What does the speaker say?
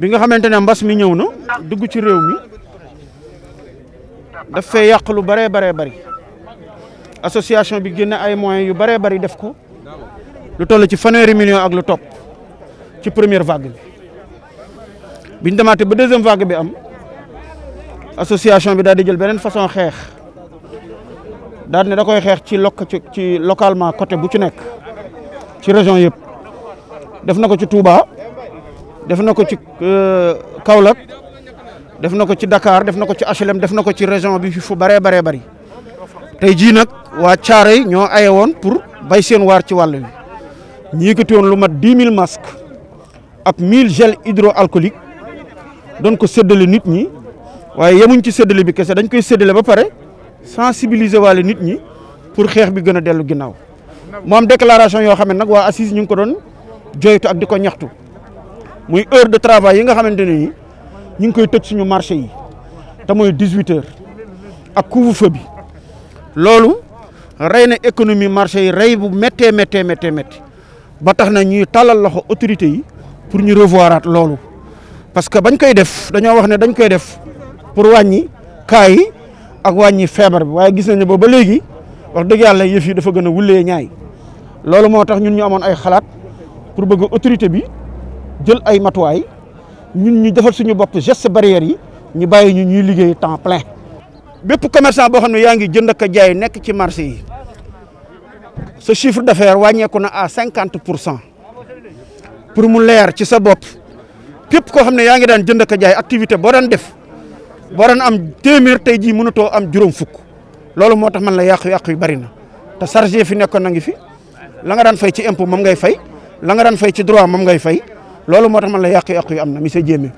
bi nga xamante ne mbas mi ñëw na dugg ci réew mi daf fee yàq lu bëree baree bëri association bi génn ay moyen yu bëree bari def ko lu toll ci fanweeri million ak lu topp ci première vague bi biñ demaatee ba deuxième vague bi am association bi daal di jël beneen façon xeex daal ne da koy xeex ci lokk ci localement côté bu ci nekk ci région yëpp def na ko ci Touba def na ko ci euh, Kaolack def na ko ci Dakar def na ko ci HLM def na ko ci région bi fi fu baree baree bari tey jii nag waa Thiaroye ñoo aye woon pour bay seen waar ci wàll wi ñi yëkkati woon lu mat dix mille masques ak mille gel hydroalcoolique doon ko séddale nit ñi waaye yemuñ ci séddale bi kese dañ koy séddale ba pare. sensibiliser waale nit ñi pour xeex bi gëna déllu ginnaw ginnaaw am déclaration yo xam nak wa assise ñu ko doon joytu ak di ñaxtu muy heure de travail yi nga xamante ni ñu ngi koy tecc suñu marché yi ta moy 18h heures ak couvre-feu bi lolu rey na économie marché yi ray bu méttee méttee méttee métti ba tax na ñuy talal loxo autorité yi pour ñu revoirat lolu parce que bañ koy def dañoo wax ne dañ koy def pour wàññi cas yi ak wàññi feebar bi waaye gis nañu boobu ba léegi wax dëgg yàlla yëf yi dafa gën a wulee ñaay loolu moo tax ñun ñu amoon ay xalaat pour bëgg autorité bi jël ay matuwaay ñun ñu defal suñu bopp geste barrière yi ñu bàyyi ñu ñuy liggéey temps plein bépp commerçant boo xam ne yaa ngi jënd a jaay nekk ci marché yi sa chiffre d'affaires wàññeeku na à cinquante pour cent pour mu leer ci sa bopp képp koo xam ne yaa ngi daan jënd ak jaay activité boo daan def waroon am téeméer tey jii mënatoo am juróom fukk loolu moo tax man la yàqu-yàqu yu bari na te chargé fi nekkoon na ngi fi la nga daan fay ci impôt moom ngay fay la nga daan fay ci droit moom ngay fay loolu moo tax man la yàqu-yàqu yu am na monsieur Diémé